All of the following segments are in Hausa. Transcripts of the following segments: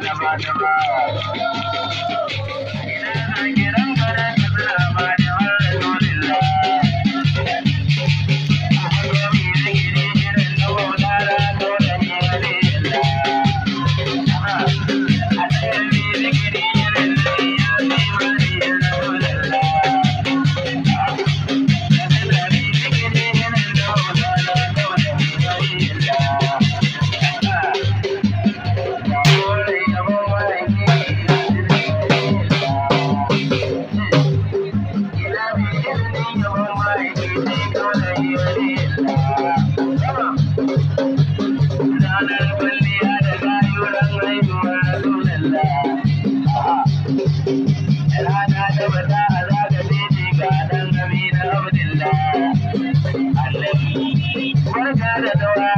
Yeah, yeah, yeah, rana da ba za a zagaye ne ga ɗan gami na abdullah barka da daura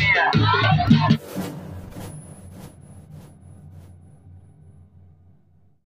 Yeah.